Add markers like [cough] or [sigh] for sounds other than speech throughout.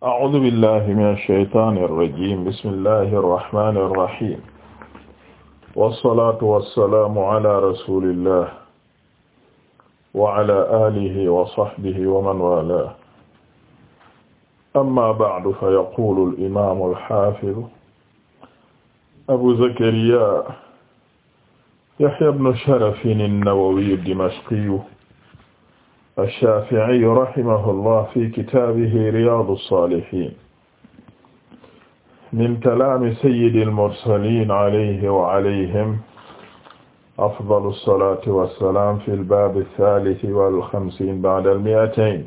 أعوذ بالله من الشيطان الرجيم بسم الله الرحمن الرحيم والصلاة والسلام على رسول الله وعلى آله وصحبه ومن والاه أما بعد فيقول الإمام الحافظ أبو زكريا يحيى بن شرف النووي الدمشقي ash-Shaafi'i rahimahullah fi kitaabihi Riyaadu s-Saalihiin min kalaami sayyidil mursaliin alayhi wa alayhim afdalu s-salaati wa s-salaam fil baabi s-saalisi wal xamsiin ba'dal mi'atayn.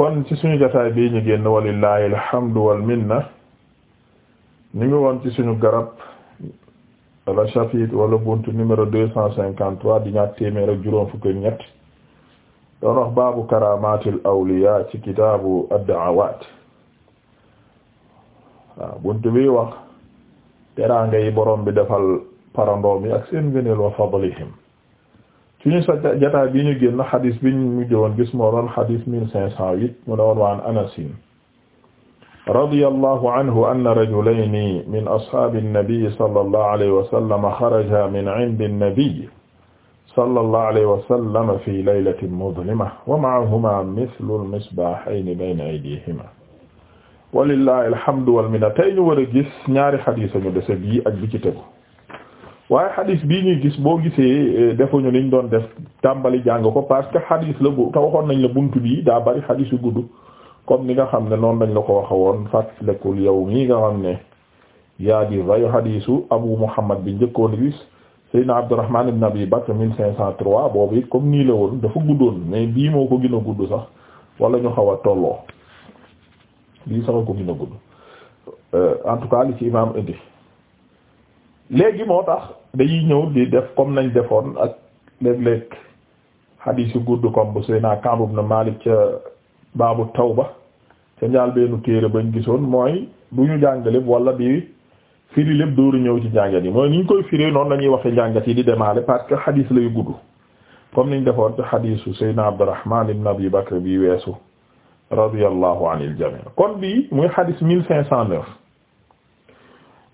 kon ci suñu jotaay bii ñu génn walillaahil hamdu wal minna ñu ngi woon ci suñu garab la chapitre wala buntu numéro deux cent cinquante trois di ñaar téeméer ak juróom fukk ak ñett. doon wax baabu karamatil awliya ci kitaabu ad-da'awaat waaw bi wax teraanga yi borom bi defal parandoom yi ak seen ngëneel wa fadlihim ci ñu sa jataa bi ñu génn xadis bi ñu mujj woon gis moo doon anasin radiyallahu anhu anna rajulayni min ashaabi an-nabi sallallahu alayhi wa min indi an sallallahu alayhi wa sallam fi laylatin muzlima wa ma'ahuma mislu al-misbahayni bayna aydihima walillahi alhamdu wal minna tey ñu war a gis ñaari xadis ñu dese bii ak bi ci tegu waaye xadis bii ñuy gis boo gisee eh, defuñu liñ doon def tàmbali jàng ko parce que xadis la bu te waxoon nañ la buntu bii daa bari xadis yu gudd comme ni nga xam ne noonu lañ la ko waxe woon fàttalekul yow mii nga xam ne yaa di rayu xadisu Abu Muhammad bi njëkkoon gis. Seydina Abdourahman ibn Abi Bakr 1503 boobu it comme nii la woon dafa guddoon mais bii moo ko gën a gudd sax wala ñu xaw a tolloo bii sax ko gën a gudd euh, en tout cas li ci imaam indi léegi moo tax dañuy ñëw di def comme nañ defoon ak léeg-léeg xadiis yu gudd comme bu Seydina Ka'b na Malik ca baabu tawba ca njaal bennu téere bañ gisoon mooy du ñu jàng lépp wala bi firi lépp dooru ñëw ci jàngat yi mooy ni ñu koy firee noonu la ñuy waxee jàngat yi di demaale parce que xadiis lay gudd comme niñ defoon ci xadiisu Seydina Abdurrahman ibn Abi Bakr bi weesu radiyallahu anil jami kon bii muy xadiis mille cinq cent neuf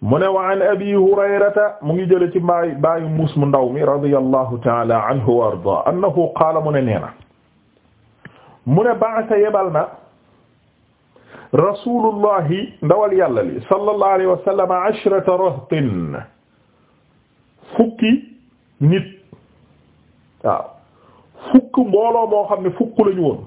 mu ne wa an abi hurayrata mu ngi jële ci baay baayu muus mu ndaw mi radiyallahu taala anhu wa arda annahu qaala mu ne nee yebal na rasulullahi ndawal yàlla li sallallahu alayhi wa sallam fukki nit waaw fukk mbooloo moo xam ne fukk lañu woon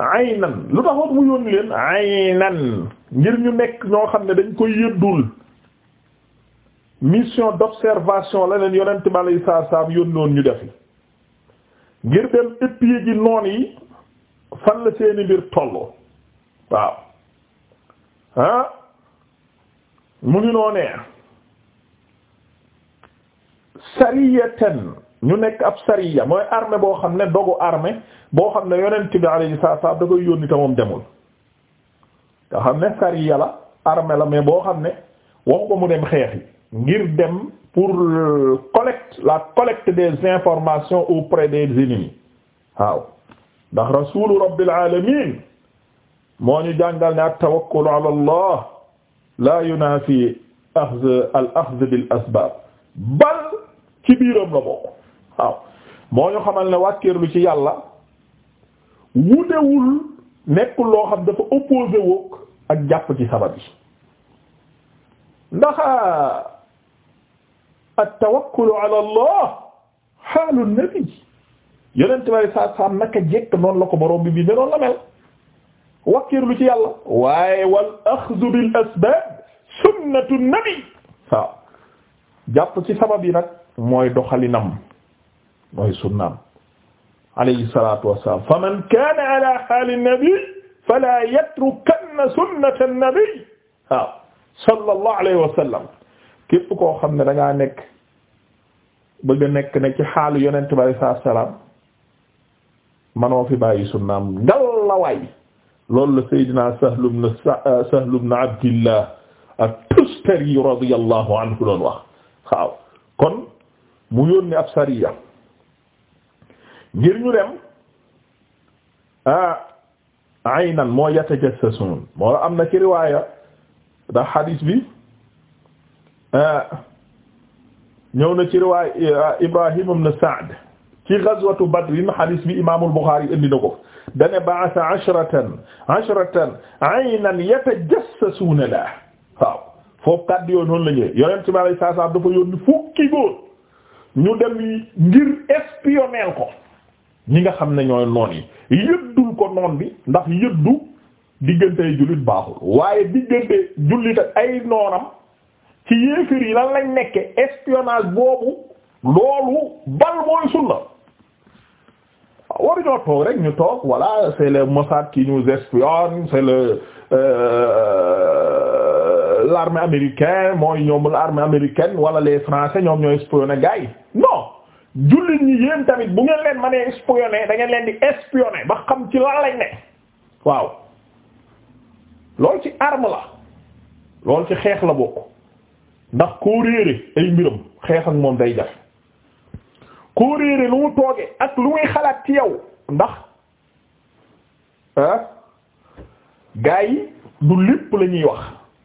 aynan lu taxoon mu yónni leen aynan ngir ñu nekk ñoo xam ne dañ koy yëddul mission d'observation la leen yonent bi alayhi salaam yónnoon ñu defi ngir dem épier ji noon yi fan la seeni mbir tolloo waaw ah mu ngi noonee sariyatan ñu nekk ab sariya mooy armée boo xam ne dogu armée boo xam ne yonent bi alayhi salaam da koy yónni te moom demul nga xam ne sariya la armée la mais boo xam ne waxu ko mu dem xeex yi ngir dem pour collecte la collect des informations auprès des ennemis waaw ndax rasulu rabbil alamin moo ñu jàngal ne at-tawakkul ala allah la yunafi axd al axd bil asbab bal ci biiram la bokk waaw moo ñu xamal ne wàkkeerlu ci yàlla wutewul nekkul loo xam dafa opposé woog ak jàpp ci sabab yi ndax at-tawakkul ala allah xaalu nabi yonent bi alei saatu salaam naka jekk noonu la ko borom bi bi ne noonu la mel wakkiirlu ci yàlla waaye wal axdu bil asbaab sunnatu nabi waaw jàpp ci sabab yi nag mooy doxalinam mooy sunnaam alayhi salatu wassalam fa man kaana ala haali nabi fala yatrukanna sunnata nabi waaw sallallahu alayhi wa sallam képp koo xam ne da ngaa nekk bëgg a nekk ne ci xaalu yonent bi alei saatu salaam manoo fi bàyyi sunnaam ngal la waay loolu la Seydina Sahl ibn euh, Sahl ibn Abdillah at-Tustari radiyallahu anhu doon wax waaw kon mu yónni ab sariya ñu dem ah aynan moo yatajassasuun moo am na ci riwaaya ndax hadis bi ah, ñëw na ci riwaaya ah, Ibrahim ibn Sa'd ci ghazwatu badrin hadis bi imaamul Buxaari indi na ko dane ba'atha ashratan ashratan aynan yatajassasuuna lahu waaw foofu kàddu yooyu noonu la ñëwee yonent bi alayhi salaam dafa yónni fukki góor ñu dem ngir espionner ko ñi nga xam ne ñooy noon yi yëddul ko noon bi ndax yëddu diggante jullit baaxul waaye diggante jullit ay noonam ci yéefir yi lan lañ nekke espionnage boobu loolu bal mooy sunna waruñoo toog rek ñu toog voilà c'est le Mossad qui nous espionne c'est le euh, euh, l'armée américaine mooy ñoom l'armée américaine wala le français ñoom ñoo espionné gars yi jullit ñi yéen tamit bu ngeen leen mënee espionné da ngeen leen di espionné ba xam ci lan lañ ne waaw loolu ci arme la loolu ci xeex la bokk ndax koo réere ay mbiram xeex ak moom day def koo réere lu mu toogee ak lu muy xalaat ci yow ndax ah gaa yi du lépp la wax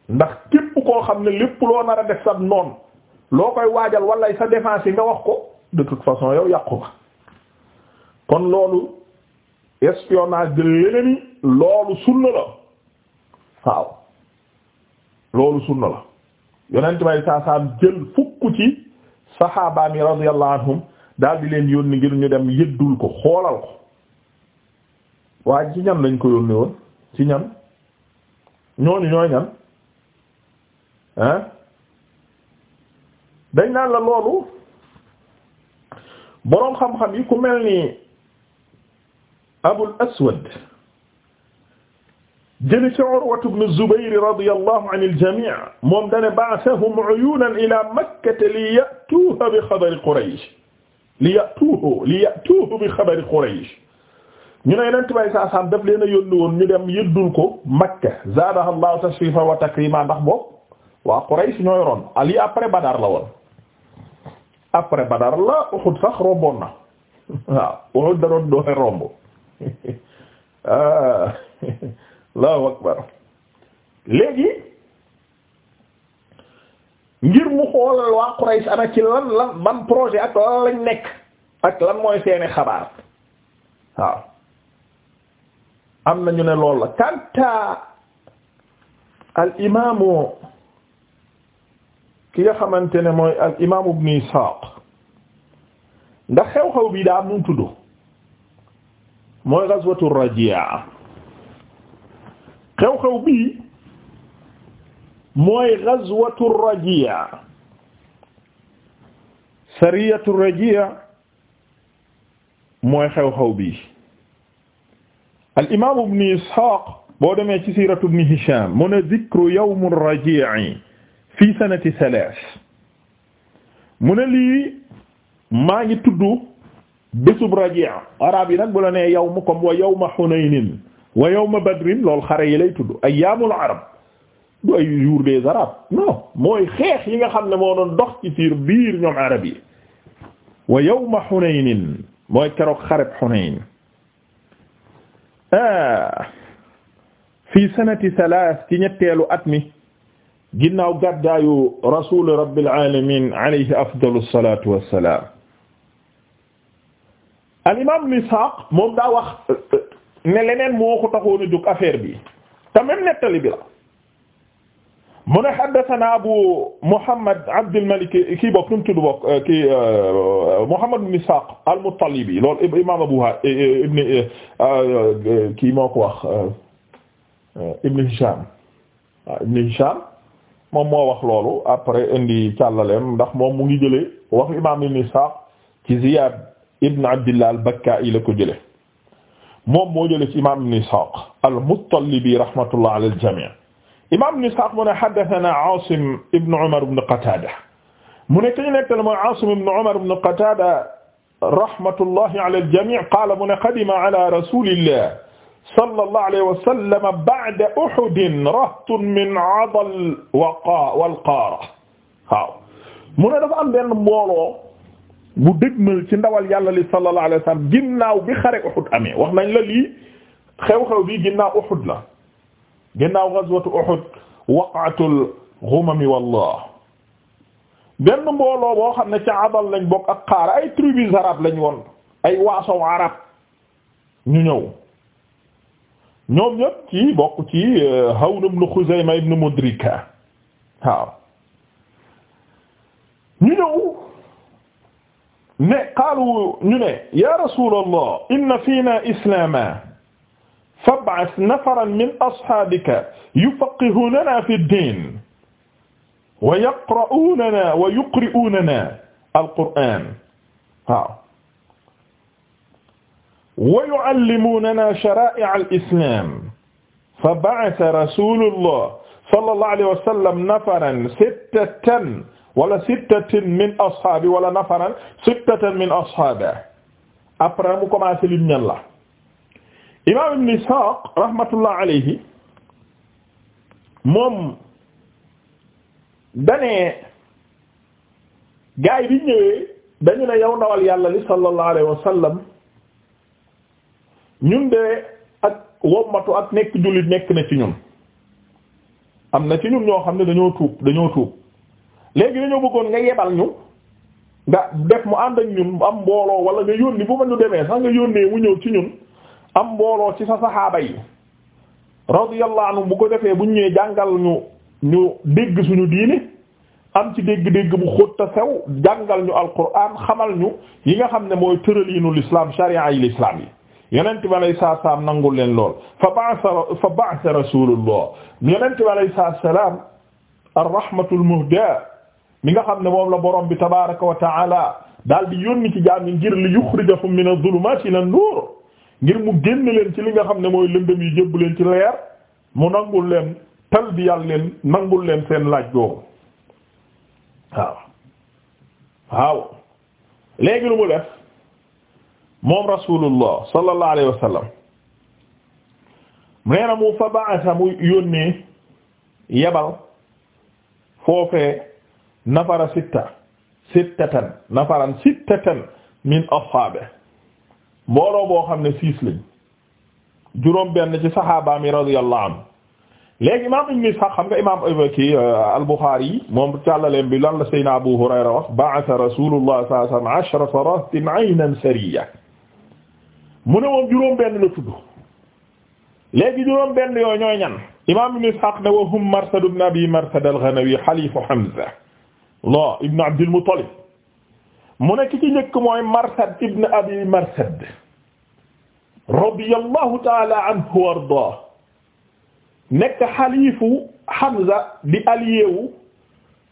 ndax képp koo xam ne lépp loo nar a def sa noon loo koy waajal wala sa défense yi nga wax ko de toute façon yow yàqu kon loolu espionnage de l'ennemi loolu sunna la waaw loolu sunna la yonent bay saa jël fukk ci saxaabaami radiyallahu anhum daal di leen yónni ngir ñu dem yëddul ko ko waaye ci ñan lañ ko yónni ci ñan ñooñu ñooy ñan ah dañ naan la loolu boroom xam-xam yi ku mel ni Abul Aswad jëli ci Urwatu ibn Zubayr radiyallahu anil jamii moom ila Makkata li ya'tuha bi xabari Quraysh li yatuuhu li yatuuhu bi xabari Quraysh ñu ne yeneen tubay saa saam daf leen a yónni woon ñu dem yëddul ko Makka zaadaha Allahu tashrifa wa takrima ndax boobu waa Quraysh ñoo yoroon ali après Badar la woon après Badar la Uhud sax romboon na waaw Uhud da doon romb [laughs] ah, [laughs] Allahu akbar léegi ngir mu xoolal waa Quraysh ana ci lan lan ban projet ak lan lañ nekk ak lan mooy seeni xabaar waaw am na ñu ne loolu la kanta al imaamu ki nga xamante ne mooy al imaamu ibn Isaaq ndax xew-xew bi daa mu tudd mooy ghazwatu Raji'a xew-xew bii mooy ghazwatu rajiya sariyatu rajiya mooy xew-xew bi al imam ibn ishaq boo demee ci siiratu ibn hisham mu ne dhikru yawm raji'i fi sanati thalath mu ne lii maa ngi tudd bésub raji'a arab yi nag bu la nee yawm comme wa yawma hunaynin wa yawma badrin lool xare yi lay tudd ayyaamul arab du ay jour des arabes mooy xeex yi nga xam ne moo doon dox ci fiir biir ñoom arab yi wa yawma Hunayn mooy keroog xareb Hunayn ah, fii sanati thalath ci ñetteelu at mi ginnaaw gàddaayu rasul rabbil alamin alayhi afdalu salatu wassalam al imam ibn moom daa ne leneen moo ko taxoon a jóg bi te même nettali bi mu ne haddathana Abu Muhammad Abdul Malik kii bopp nu mu tudd bokk kii euh, Muhammad ibn Ishaq al-Muttalibi loolu imaam Abu ibn euh, kii moo ko wax euh, Ibn Hisham waaw Ibn Hisham moom moo wax loolu après indi càllaleem ndax moom mu ngi jëlee wax imaam Ibn Ishaq ci Ziyad ibn Abdillah al-Bakka'i la ko jëlee moom moo jëlee ci imaam Ibn Ishaq al-Muttalibi rahmatullah ala al-jami' imam ibne isxaq mu ne hadathana asim ibne omar ibne qatada mu ne kañ nettale mooy asim ibne omar ibne qatada rahmatullahi ala aljami qala mu ne qadima ala rasulillah sallallahu alayhi wa sallam ba'da uhud rahtun min adal wal qaara waaw mu ne dafa am benn mbooloo bu dëgmal ci ndawal yàlla li sallallahu alayhi wa sallam ginnaaw bi xare uhud amee wax nañ la lii xew-xew bi ginnaaw uhud la ginnaaw ghazwatu Uhud waqatul ghumami wallah benn mbooloo boo xam ne ca abal lañ bokk ak xaar ay tribus arab lañ woon ay waasow arab ñu ñëw ñoom ñëpp ci bokk ci euh, Hawn ibn Khuzayma ibn Mudrika waaw ñu ñëw ne qaalu ñu ne ya rasulallah inna fiina islaama fab'ath nafaran min ashaabika yufaqqihunana fi diin wa yaqra'unana wa yuqri'unana alqur'aan waaw wa yu'allimunana sharaa'i'a al-islaam fab'atha rasuulullah sallallahu alayhi wa sallam nafaran sittatan wala sittatan min ashaabihi wala nafaran sittatan min ashaabihi après mu commencé lim ñan la imaam ibn Ishaaq rahmatullah alayhi moom danee gaay bi ñëwee dañu ne yow ndawal yàlla li sallallahu alayhi wa sallam ñun de ak wommatu ak nekk jullit nekk na ci ñun am na ci ñun ñoo xam ne dañoo tuub dañoo tuub léegi dañoo bëggoon nga yebal ñu nga def mu ànd ak ñun am mbooloo wala nga yónni bu ma ñu demee sax nga yónnee mu ñëw ci ñun am mbooloo ci sa saxaaba yi radiyallahu anhu bu ko defee bu ñu ñëwee ñu ñu dégg suñu am ci dégg-dégg bu xóot sew jàngal ñu alquran xamal ñu yi nga xam ne mooy tëraliinu l'islam sharia yi l'islam yi yonent bi alayhi salaatu salaam nangul leen lool fa ba'sa fa ba'sa rasulullah yonent bi alayhi salaatu salaam ar-rahmatul muhda mi nga xam ne moom la borom bi tabaaraka wa ta'ala daal di yónni ci jaam yi ngir li yuxrijahum min adh-dhulumati ila an-nur ngir mu génn leen ci li nga xam ne mooy lëndëm yi jëbb leen ci leer mu nangul leen talbiyal leen nangul leen seen laaj boobu waaw waaw léegi lu mu def moom rasulullah sallallahu alayhi wa sallam nee na mu fa ba'atha yebal foofee nafara sitta sittatan nafaran sittatan min ashaabihi mbooloo boo xam ne six lañ juróom benn ci saxaabaam yi radiyallahu anhu léegi imaam ibn Ishaq xam nga imaam euh, kii euh, al-Bukhari yi moom càllaleen bi lan la Seydina Abu Hurayra wax ba'atha rasulullah sallallahu alayhi wa sallam ashra faratin aynan sariya mu ne moom juróom benn la tudd léegi juróom benn yooyu ñooy ñan imaam ibn Ishaq ne wa hum Marsad ibn Abi Marsad al-Ghanawi halifu Hamza la ibn Abd al mu ne ci njëkk mooy marsad ibn abi marsad radiyallahu taala anhu wa ardaa nekk xaliifu Hamza di aliyewu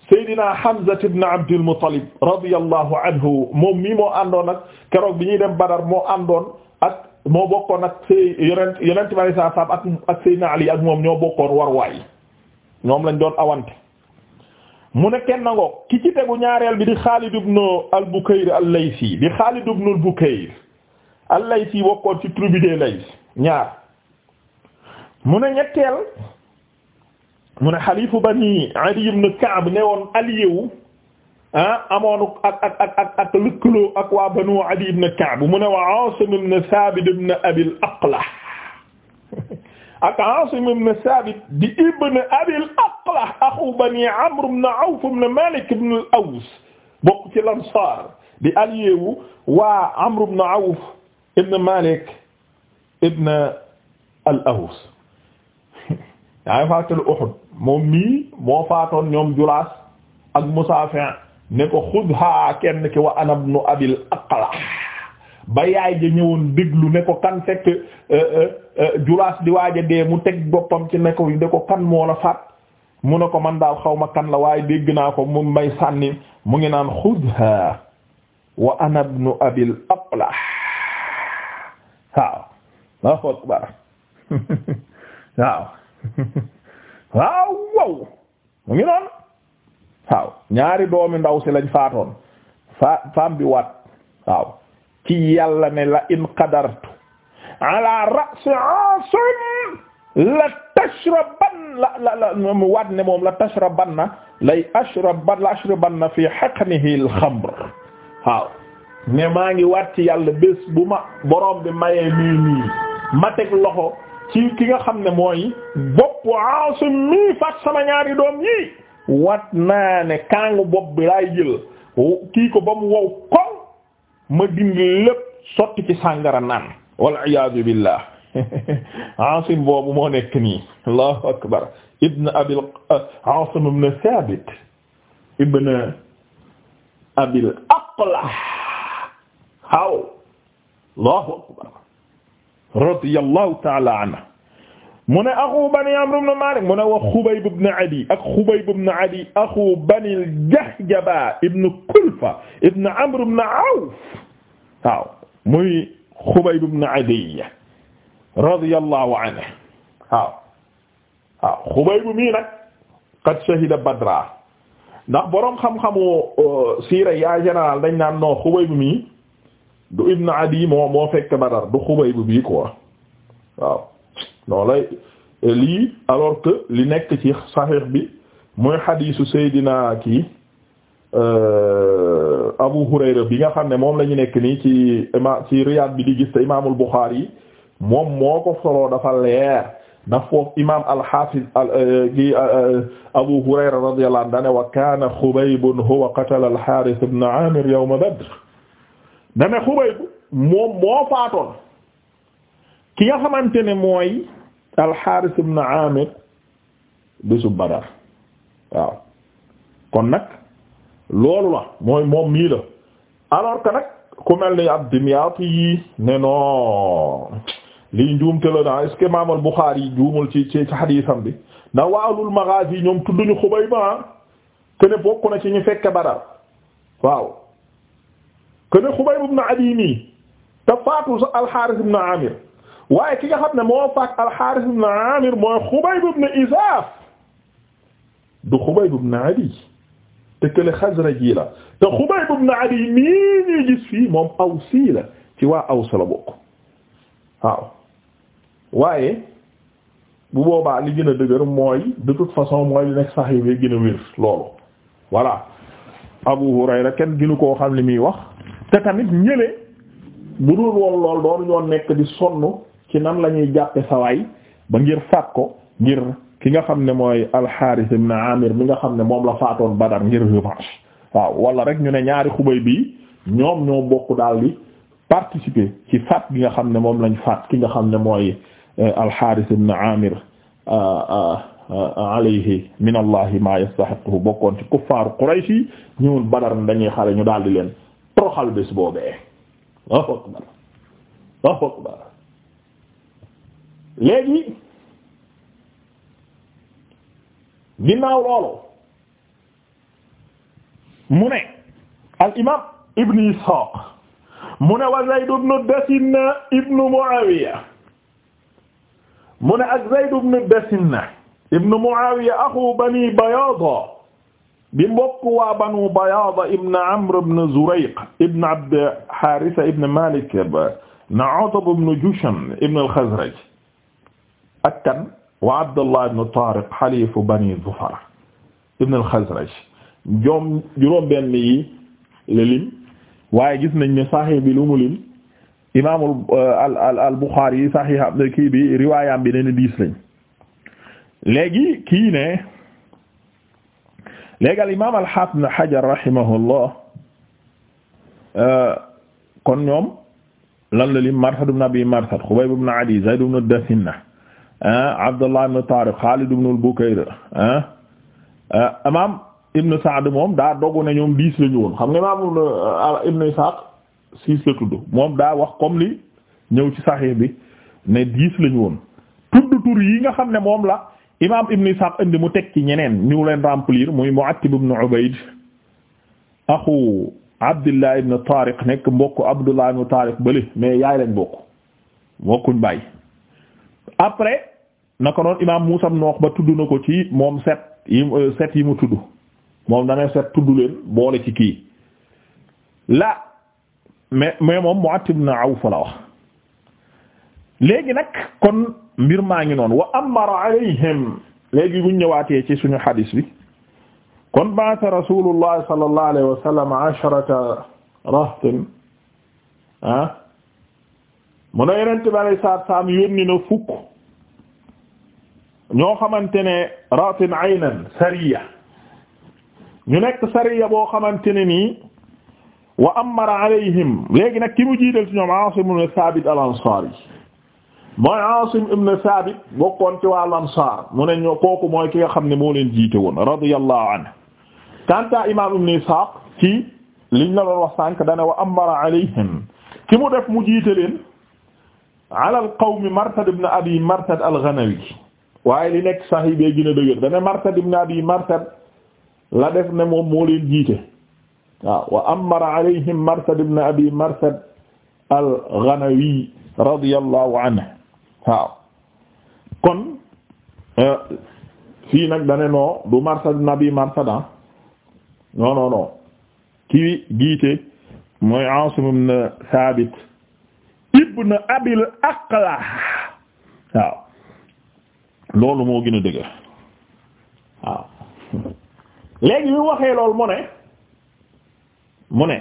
Seydina Hamza ibn Abdul Muttalib radiyallahu anhu moom mii moo àndoon ak keroog bi ñuy dem Badar moo àndoon ak moo bokkoon ak say yonent yonent bi sallallahu alayhi Ali ak moom ñoo bokkoon war waay ñoom lañ doon awante mu ne kenn nangoo ki ci tegu ñaareel bi di Xaalid ibn al-Bukayr al-Laysi di Xaalid ibn al-Bukayr al-Laysi ci tribu des Lays ñaar mu ne ñetteel mu ne xalifu bani Adi ibn Ka'b ah, amoon ak ak ak ak ak ak waa banu Adi ibn Ka'b mu ne wa Aasim ibn Saabit ibn Abil Aqlah ak Asim ibn Sabit di ibn Abil Aqla axu bani Amr ibn Awf ibn Malik ibn al-Aws bokk ci Ansaar di allié wu waa Amr ibn Awf ibn Malik ibn al-Aws [laughs] yaa ngi fàttali Uhud moom mii moo faatoon ñoom Julaas ak Musaafi' ne ko xudha kenn ki wa ana ibn Abil Aqla ba yaay ja ñëwoon déglu ne ko kan fekk euh, euh, euh, julaas di waaja dee mu teg boppam ci ne ko ne ko kan moo la faat mu ne ko man daal xaw ma kan la waaye dégg naa ko mun may sànni mu ngi naan xudha wa ana waaw [laughs] waaw [laughs] mu ngi noonu waaw ñaari doomi ndaw si lañ faatoon fa faam bi waat waaw ci yàlla ne la in qadartu ala ra'si asim la tashraban la la la mu waat ne moom la tashraban na lay ashraban la ashraban na fi haqnihi al xamr waaw ne maa ngi waat ci yàlla bés bu ma borom bi mayee mii nii ma teg loxo ci ki nga xam ne mooy bopp asim mii faat sama ñaari doom yi waat naa ne kàngu bopp bi laay jël kii ko ba mu wow koŋ ma dindi lépp sotti ci sàngara naan wal iyaadu billah [laughs] Aasim boobu moo nekk nii allahu akbar ibn abil uh, Aasim ibn Saabit ibn abil Aqla haw allahu akbar radiyallahu ta'ala anhu mu ne axu bani amr ibn malik mu ne wa xubayb ibn adi ak xubayb ibn adi axu bani jahjaba ibn kulfa ibn amr ibn awf waaw muy xubayb ibn adi radiyallahu anhu waaw waaw xubayb mii nag qad shahida badra ndax boroom xam-xamu euh, siira ya général dañ naan non xubayb mii du ibn adi moo moo fekk badar du xubayb bii quoi waaw non lay lii alors que li nekk ci saxiix bi mooy xadiisu Seydina kii euh, Abu Hurayra bi nga xam ne moom la ñu nekk nii ci ima ci Riyad bi di gis te imaamul Buxaari yi moom moo ko soloo dafa leer ndax foofu imaam al-Hafiz gi euh, euh, Abu Hurayra radiyallahu anhu dane wa kaana Xubaybun huwa qatala al-Haaris ibn Aamir yawma Badr dane Xubayb moom moo faatoon ki nga xamante ne mooy alxaaris ibn amir bésu badar kon nag loolu la mooy moom mii la alors que ku mel ni ab dimyaat yi ne non lii njuumte la naa est-ce imaam al Buxaari yi juumul ci ci xadiisam bi ndax waa ahlul magaazi ñoom tudduñu xubay ba te ne bokk na ci ñu fekke badar waaw que ne xubay ibn Adiy nii faatu alxaaris ibn amir waaye ki nga xam ne moo faat al-Harith ibn Amir mooy Xubayb ibn Isaaf du Xubayb ibn Adi te kële Xazraji la te Xubayb ibn Adi nii ñuy gis fii moom Awsi la ci waa Aws la bokk waaw waaye bu boobaa li gën a dëgër mooy de toute façon mooy li nekk sahih bi gën a wér loolu voilà Abu Hurayra kenn gënu koo xam li muy wax te tamit ñële bu dul woon lool doon ñoo nekk di sonn ci nan lañuy ñuy jàppe sawaay ba ngir faat ko ngir ki nga xam ne mooy alxaaris ibn amir mi nga xam ne moom la faatoon badar ngir revanche waaw wala rek ñu ne ñaari xubay bi ñoom ñoo bokk daal di participer ci faat gi nga xam ne moom lañ faat ki nga xam ne mooy eh, alxaaris ibn amir ah, ah, ah, alayhi min allahi ma yastahiqu bokkoon ci kuffaaru quraysh yi ñëwul badar ne dañuy xare ñu daal di leen toroxal bés boobee léegi ginnaaw loolu mu ne al imam ibnu Ishaq mu ne wa Zayd ibnu Dasinna ibnu Muawiya mu ne ak Zayd ibnu Dasinna ibnu Muawiya axu bani Bayaada di mbokk waa banu Bayaada ibnu Amr ibnu Zurayq ibnu Abd Haarisa ibnu Maalik ibnu Utba ibnu Jusham ibnu al-Xazraj ak kan wa Abdullah ibn Tariq xalifu bani Zufara ibn al-Khazraj joom juróom-benn yi la lim waaye gis nañ ne saxiix bi lu mu lim imaamul euh, al al al Buxaari yi saxiix am bi riwaayam bi ne ni diis lañ léegi kii ne léegi al imaam euh, kon ñoom lan la lim Marsad ibn Abi Marsad Xubayb ibn Adi Zayd ibn Dasinna Abdullah ibn Tariq Khalid ibn al-Bukayr imaam Ibn Sa'd moom daa dogu ne ñoom dix la woon xam nga imaam euh, Ibn Ishaq six la tudd moom daa wax comme li ñëw ci Sahih bi ne dix la ñu woon tudd tur yi nga xam ne moom la imaam Ibn Ishaq indi mu teg ci ñeneen ñu leen remplir muy Mu'attib ibn Ubayd axu Abdullah ibn Tariq nekk mbokk Abdullah ibn Tariq bële mais yaay leen bokk bokkuñ bàyyi après. naka noonu imaam Muusaa ibn Uqba tudd na ko ci moom set yi euh, set yi mu tudd moom dana set tudd leen boole ci kii la mais mais moom Mu'att ibn Awf la wax léegi nag kon mbir maa ngi noonu wa amara alayhim léegi buñ ñëwaatee ci suñu xadiis bi kon ba'atha Rasuulullah sallallahu alayhi wa sallam asharata rahtin ah mu ne yenente bi alei saatu salam yónni na fukk ñoo xamante ne ratin aynan sariya ñu nekk sariya boo xamante ne nii wa amara alayhim léegi nag ki mu jiital ci ñoom Asim ibn Thabit al-Ansari mooy Asim ibn Thabit bokkoon ci waa Ansaar mu ne ñoo kooku mooy ki nga xam ne moo leen jiite woon radiyallahu anhu kanta imam ibn Ishaq ci liñ la doon wax sànk dana wa amara alayhim ki mu def mu jiite leen ala al qawmi Marthad ibn Abi Marthad al waaye li nekk sax yi bee gën a dëgër dane martad ibn abi martad la def ne moom moo leen jiite wa amara alayhim martad ibn abi martad al ghanawi radiyallahu anhu kon euh, fii dane noo du martad ibn abi martad ah non non non mooy asim ibn thabit ibn abil aqla waaw loolu moo gën a dëgër waaw léegi ñu waxee loolu mu ne mu ne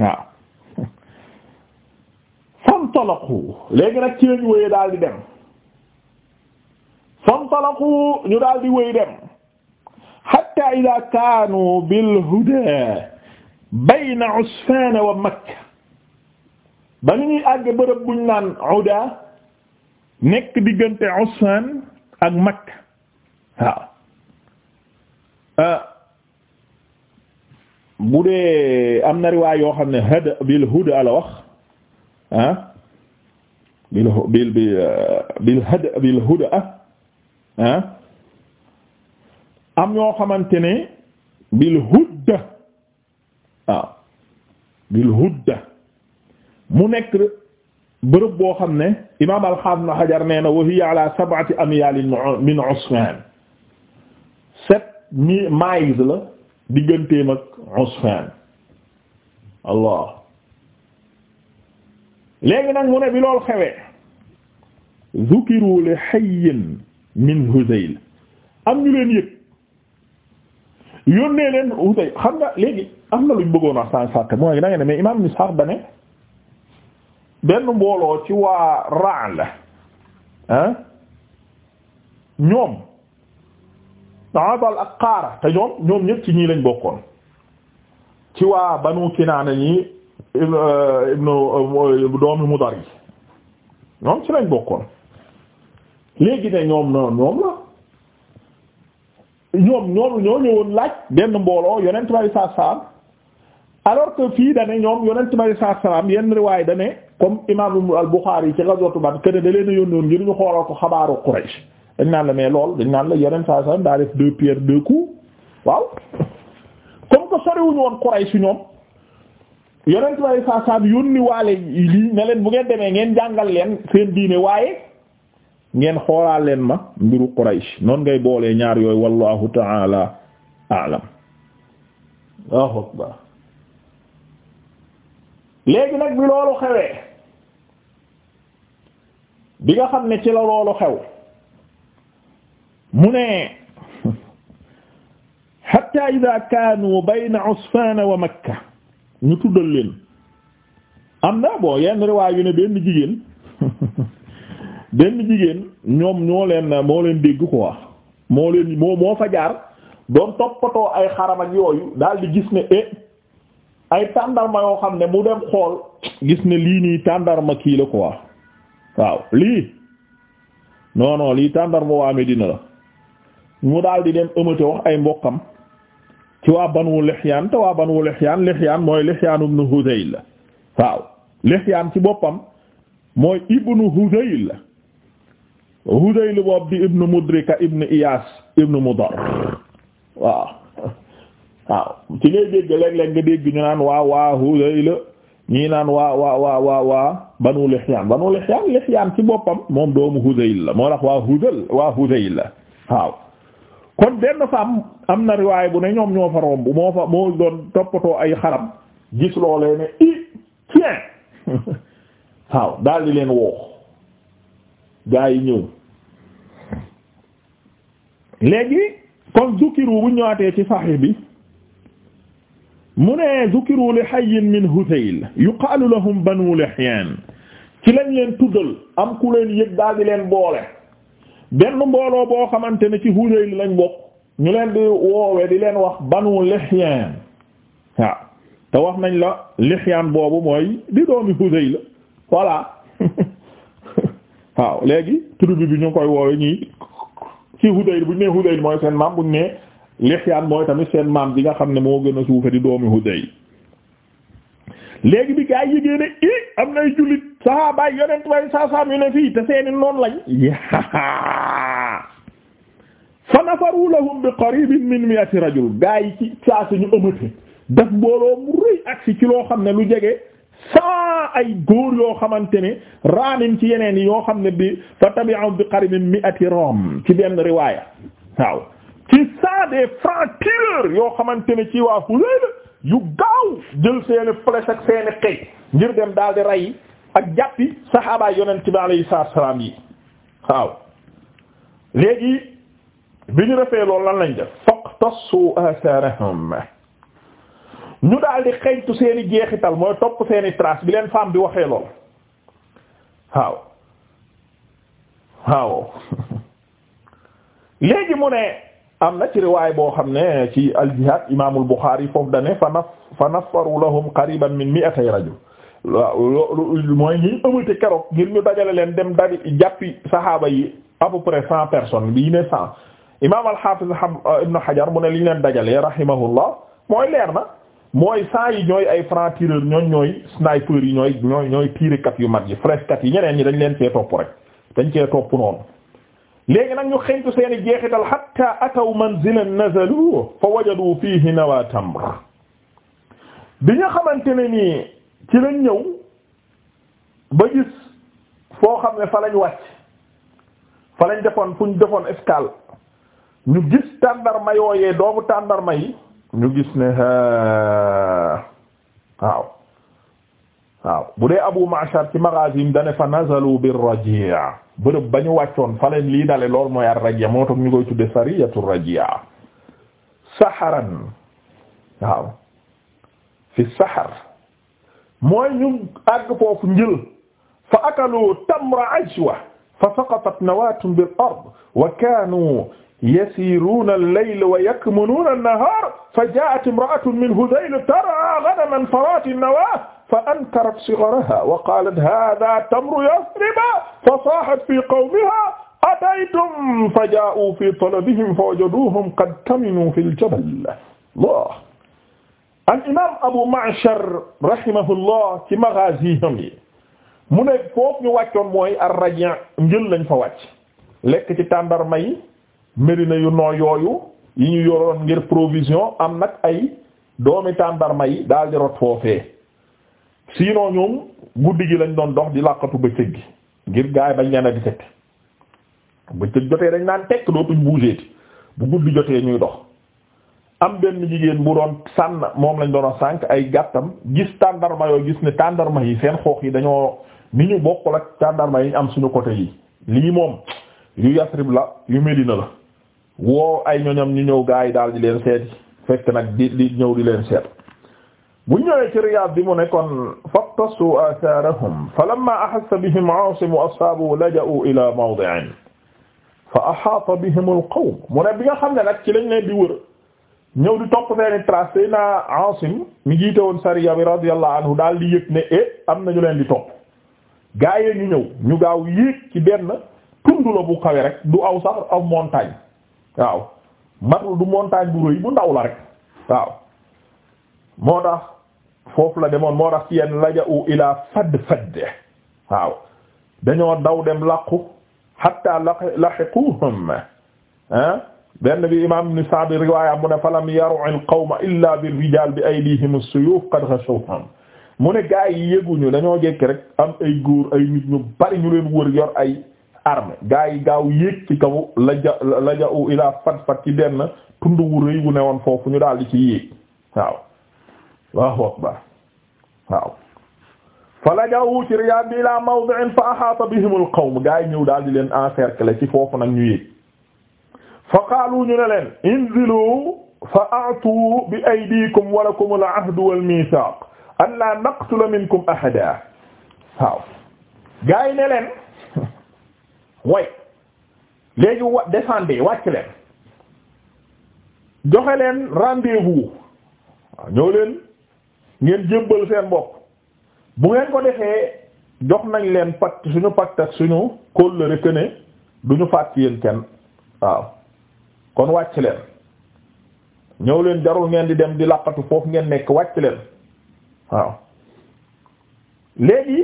waaw fantalaqu léegi nag ci lañu wéyee daal di dem fantalaqu ñu daal di wéy dem hatta ida kaanu bil huda bayna usfana wa makka ba ñu ñuy àgg bërëb buñ naan huda nekk diggante Usfan ak Makka waaw ah. bu dee am na riwaay yoo xam ne hada bil huda la wax ah bil bil bil hada ah, bil huda ah am yoo xamante ne bil hudda bil hudda mu nekk bërëb boo xam ne imaam al-Hafiz Ibn Hajar nee na wa hiya ala sab'ati amyal min Usfan sept mi miles la digganteem ak Usfan Allah xewee zukiru li hayyin min Huzayl am ñu leen yëg yónnee leen Huzayl xam nga léegi am na luñ bëggoon wax sànq sànq mooy da nga ne mais imaam Mus'ab da benn mbooloo ci waa Ra'la ah ñoom Abal ak Qaara te ñoom ñoom ñëpp ci ñii lañ bokkoon ci waa Banu Kinaana ñi ibnu euh, euh, doomi Mudar yi ñoom ci lañ bokkoon léegi ne ñoom noonu ñoom la ñoom ñoom ñoo ñëwoon benn mbooloo yonent bi sallallahu alayhi wasallam alors que fii dane ñoom yonent bi sallallahu alayhi wasallam yenn riwaay comme imam al-Bukhari ci ghazwatu Badr kene da leen a yónnoon ngir ñu xoolal ko xabaaru Quraysh dañ naan la mais lool dañ naan la yeneen saa san daa def deux pierres deux coups waaw comme que soriwuñu woon Quraysh ñoom yeneen way saa san yónni waale lii ne leen bu ngeen demee ngeen jàngal leen seen diine waaye ngeen xoolaal leen ma mbiru Quraysh noonu ngay boolee ñaar yooyu wallahu ta'ala a'lam léegi nag bi loolu xewee bi nga xam ne ci la loolu xew mu ne hatta idha kaanu bayna Usfaan wa Makka ñu tuddal leen am na bon yenn riwaay yu ne benn jigéen [laughs] benn jigéen ñoom ñoo leen moo leen dégg quoi moo leen moo moo fa jaar doon toppatoo ay xaram ak yooyu daal di gis ne eh, ay tàndarma yoo xam ne mu dem xool gis ne lii nii tàndarma kii la quoi waaw lii non non lii tàndar mu waa Medina la mu daal di dem ëmmate wax ay mbokkam ci waa Banu Lihyaan te waa Banu Lihyaan Lihyaan mooy Lihyaan ibnu Hudayl waaw Lihyaan ci boppam mooy ibnu Hudayl la Hudayl di ibnu Mudrika ibnu Iyaas ibnu Mudar waaw waaw ci ngay dégg léeg-léeg nga dégg ñu naan waa waa Hudayl ñii naan waa waa waa waa waa banu Lihyaan banu Lihyaan Lihyaan ci boppam moom doomu Hudayl la moo tax waa Hudayl waa Hudayl la waaw kon benn femme am na riwaay bu ne ñoom ñoo fa romb moo fa moo doon toppatoo ay xaram gis loolee ne i tien [laughs] waaw daal di leen woo gaa yi ñëw léegi kon dukiru bu ñëwaatee ci Sahih bi mu ne zukiru li hayyin min Hudayl yuqaalu lahum banu Lihyan ci lañ leen tuddal am ku leen yëg daal di leen boole benn mbooloo boo xamante ne ci Hudayl lañ bokk ñu leen di woowe di leen wax banu Lihyan waaw te wax nañ la Lihyan boobu mooy di doomi Hudayl voilà [laughs] waaw léegi tribu bi ñu koy woowe ñii ci Hudayl bu ñu nee Hudayl mooy seen maam bu ñu nee Lihyaan mooy tamit seen maam bi nga xam ne moo gën a suufe di doomi Hudayl léegi bi gaa yi yëgee i am nay jullit saxaabaay yonent way saasaam yu ne fii te seeni noon lañ [laughs] fa nafaru lahum bi qaribin min mi'ati rajul gaa yi ci saa si ñu ëmmate daf mbooloo mu rëy agsi ci loo xam ne lu jege saa ay góor yoo xamante ni raanin ci yeneen yi yoo xam ne bi fa tabi'u bi qaribin mi'ati ram ci benn riwaaya waaw ci ça des yoo xamante ne ci waa Hurayra yu gaaw jël seeni flèche ak seeni xëy ngir dem daal di rey ak jàppi saxaabaay yonent bi alayhi salaam yi waaw léegi bi ñu defee loolu lan lañ def faqtassu atharahum ñu daal di xeeñtu seeni jeexital mooy topp seeni trace bi leen femme bi waxee lool waaw waaw [laughs] léegi mu ne am na ci riwaay boo xam ne ci al-Jihaad imaamul Buxaari foofu dane fa naf fa nafaru lahum qariban min mi'atay rajul waaw mooy ñi ëmmate keroog ngir ñu dajale leen dem dabi jàppi saxaaba yi à peu près cent personnes bii ne cent imaam al-Haafiz Ibn Hajar mu ne li ñu leen dajalee rahimahullah mooy leer na mooy cent yi ñooy ay francs tireurs ñooñ ñooy snipers yi ñooy ñooy ñooy tirekat yu mag yi flèchekat yi ñeneen ñi dañ leen cee topp rek dañ cee topp noonu léegi nag ñu xëytu seen i jeexital hatta ataw manzilan nazalu fa wajadu fihi nawa tamr bi nga xamante ne nii ci lañ ñëw ba gis foo xam ne fa lañ wàcc fa lañ defoon fu ñu defoon escale ñu gis tàndarma yooyee doomu tàndarma yi ñu gis ne waaw waaw bu dee Abu Ma'shar ci magasin dane fa nazalu bir Raji' bërëb ba ñu wàccoon fa leen lii dale lool mooy ar-rajiya moo tax ñu koy tudde sariyatu rajiya saxaran waaw fi saxar mooy ñu àgg foofu njël fa akalu tamra ajwa fa saqatat nawaatun bil ard wa kaanu yasiiruuna al-layla wa yakmunuuna an-nahaar fa jaa'at imra'atun min hudayl taraa ghanaman faraati an-nawaat fa ankarat sigaraha wa qalat hada tamru yasriba fa sahat fi qawmiha ataytum fa ja'u fi talabihim fa wajaduhum qad kaminu fi ljabal Allah al imam Abu Ma'shar rahimahullah ci maghaziham yi mu ne foofu ñu wàccoon mooy ar-Raji' njël lañ fa wàcc lekk ci tàndarma yi Medina yu noo yooyu yi ñu yoroon ngir provision am nag ay doomi tàndarma yi daal di rot foofee sinon ñoom guddi gi lañ doon dox di làqatu bëccëg gi ngir gaay bañ leen a di teg bëccëg jotee dañ naan tekk dootuñ buuseeti bu guddi jotee ñuy dox am benn jigéen bu doon sànn moom lañ doon sànk ay gàttam gis tàndarma yoo gis ne tàndarma yi seen xoox yi dañoo ni ñu bokk ak tàndarma yi am suñu côté yi lii moom yu Yasrib la yu Medina la woo ay ñoñam ñu ñëw gaay daal di leen seeti fekk nag di di ñëw di leen seet bu ñëwee ci Riyaad bi mu ne kon faqtasu athaarahum falamma ahassa bihim Aasim laja'u ila mawdi'in fa ahaata bihim al mu ne bi nga xam ne nag ci lañ leen di wër ñëw di topp seeni trace tey naa mi jiite woon sariya bi radiyallahu anhu daal di yëg ne e am na ñu leen di topp gaa yi ñu ñëw ñu gaaw yéeg ci benn tund la bu kawe rek du aw sax aw montagne waaw matul du montagne bu rëy bu ndaw la rek waaw. moo tax foofu la demoon moo tax ci yenn laja'u ilaa fadfad waaw dañoo daw dem làqu hatta lahiquhum benn bi imam ibn Sa'd riwaaya mu ne falam yar'il qawma ila bir rijaal bi aydihim a suyuf qad ghashawhum mu ne gaa yëguñu dañoo jekki rek am ay góor ay nit ñu bari ñu leen wër yor ay arme gaa gaaw yéeg ci kaw laja laja'u ilaa fadfad ci benn tund wu wu ne woon foofu ñu daal di ci yéeg waaw Allahu akbar waaw fa lajawu ci riyaad bi ilaa mawdi'in fa ahaata bihim al qawm gaa yi ñëw daal di leen encercler ci foofu nag ñu yéeg fa qaalu ñu ne leen inzilu fa a'tu bi aydikum wa lakum al ahdu wal miisaaq an laa naqtula minkum ahada waaw gaa yi ne leen way léegi wa descendez wàcc leen joxe leen rendez-vous waaw ñëw leen ngeen jébbal seen bopp bu ngeen ko defee jox nañ leen pacte suñu pacte ak suñu kóllëre que ne du ñu fàtt yéen kenn waaw kon wàcc leen ñëw leen jarul ngeen di dem di làqatu foofu ngeen nekk wàcc leen waaw léegi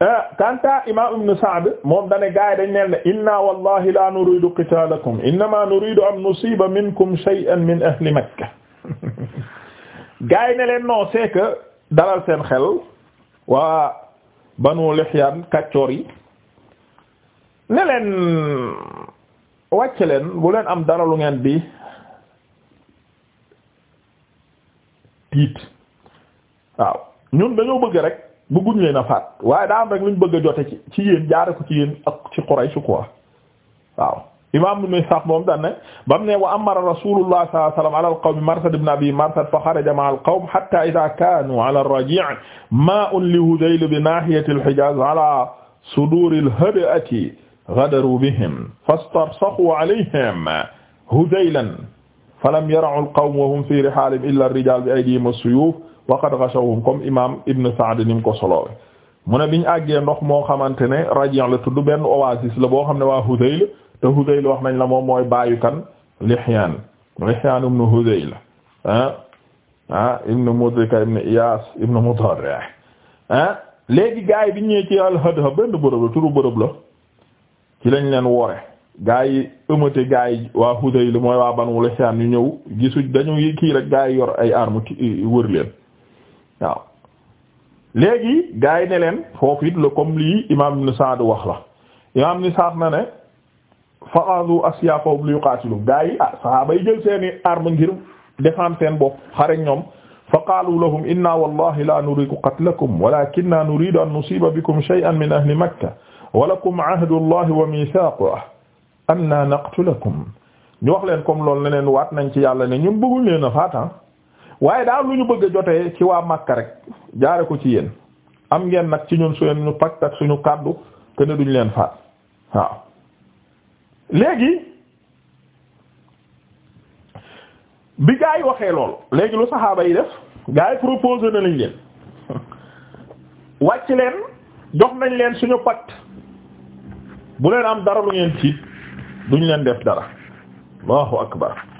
ah, kanta imam ibn Sa'd moom dane gaay dañ neen ne inna wallahi la nuridu qitalakum innama nuridu an nusiba minkum shay'an min ahli Makkah gaa yi ne leen noo c'est que dalal seen xel waa banu lixyaan kàccoor yi ne leen wàcce leen bu leen am dara lu ngeen bi tiit waaw ñun dañoo bëgg rek bëgguñ leen a faat waaye daa am rek luñ bëgg a jote ci ci yéen jaare ko ci yéen ak ci Quraysh quoi waaw imam ibn Ishaq moom daan ne ba mu ne wa amara rasulullah sallallahu alayhi wa sallam ala al-qawmi Marsad ibn Abi Marsad fa kharaja ma'a al-qawm hatta idha kanu ala ar-raji' ma'un li Hudayl bi nahiyati al-Hijaz ala suduri al-hada'ati ghadaru bihim fastarsakhu alayhim Hudaylan falam yara'u al-qawm wa hum fi rihalihim illa ar-rijal bi aydihim as-suyuf wa qad ghashawhum comme imam Ibn Sa'd ni mu ko soloowe mu ne biñ àggee ndox moo xamante ne raji' la tudd benn oasis la boo xam ne waa Hudayl te Hudayl wax nañ la moom mooy baayu kan Lihyaan Lihyaan ibn Hudayl ah ah ibn Mudrika ibn Iyaas ibn Mudarrih ah léegi gaa yi bi ñëwee ci al-Hadhab benn bërëb la turu bërëb la ci lañ leen woore gaa yi ëmmate gaa yi waa Hudayl mooy waa Banu Lihyaan yu ñëw gisuñ dañu kii rek gaa yi yor ay armes wër leen waaw léegi gaa yi ne leen foofu it la comme lii imaam Ibn Sa'd wax la imaam Ibn Sa'd na ne faqadu asyafahum li yuqatilu gaa yi ah sahaaba yi jël seeni arme ngir défendre seen bopp xare ñoom fa qaalu lahum inna wallahi la nuridu qatlakum walakinna nuridu an nusiba bikum shay'an min ahli makka wa lakum ahdu allahi wa mithaquhu an la naqtulakum ñu wax leen comme loolu ne leen waat nañ ci yàlla ne ñun bëgguñ leen a faatan ah. waaye daal lu ñu bëgg a jotee ci waa makka rek jaare ko ci yéen am ngeen nag ci ñun su ñu pacte ak suñu kàddu que ne duñ leen faat léegi bi gaa yi waxee lool léegi lu saxaaba yi def gaa yi proposé na lañ leen [laughs] wàcc leen jox nañ leen suñu pacte bu leen am dara lu ngeen tiit duñ leen def dara allahu akbar